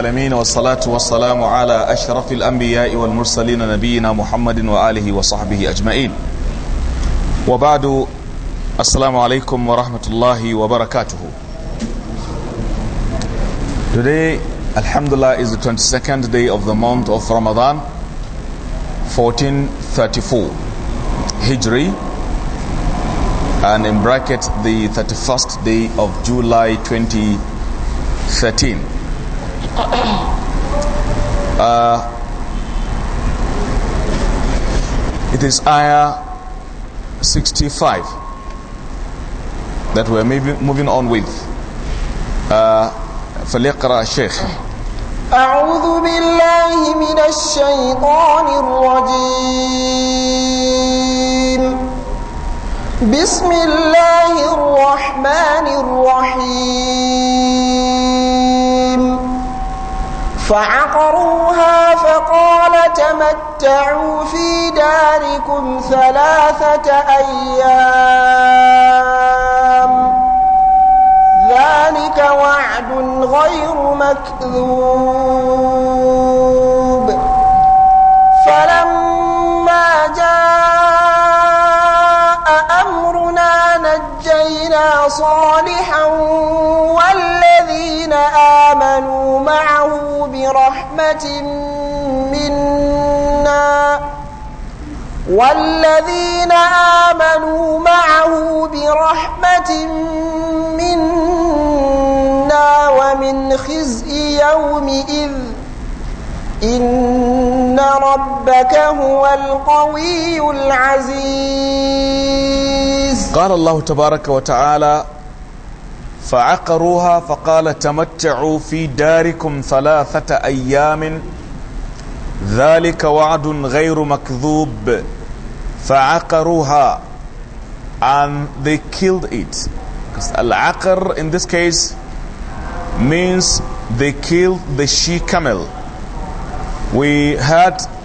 العالمين والصلاة والسلام على أشرف الأنبياء والمرسلين نبينا محمد وآله وصحبه أجمعين وبعد السلام عليكم ورحمة الله وبركاته Today, Alhamdulillah, is the 22nd day of the month of Ramadan, 1434 Hijri, and in bracket, the 31st day of July 2013. uh, it is ayah 65 that we're moving, moving on with. Uh, فليقرأ الشيخ. أعوذ بالله من الشيطان الرجيم بسم الله الرحمن الرحيم فعقروها فقال تمتعوا في داركم ثلاثة أيام ذلك وعد غير مكذوب فلما جاء أمرنا نجينا صالحا برحمة منا والذين آمنوا معه برحمة منا ومن خزي يومئذ إن ربك هو القوي العزيز قال الله تبارك وتعالى فعقروها فقال تمتعوا في داركم ثلاثة أيام ذلك وعد غير مكذوب فعقروها and they killed it العقر in this case means they killed the she camel we had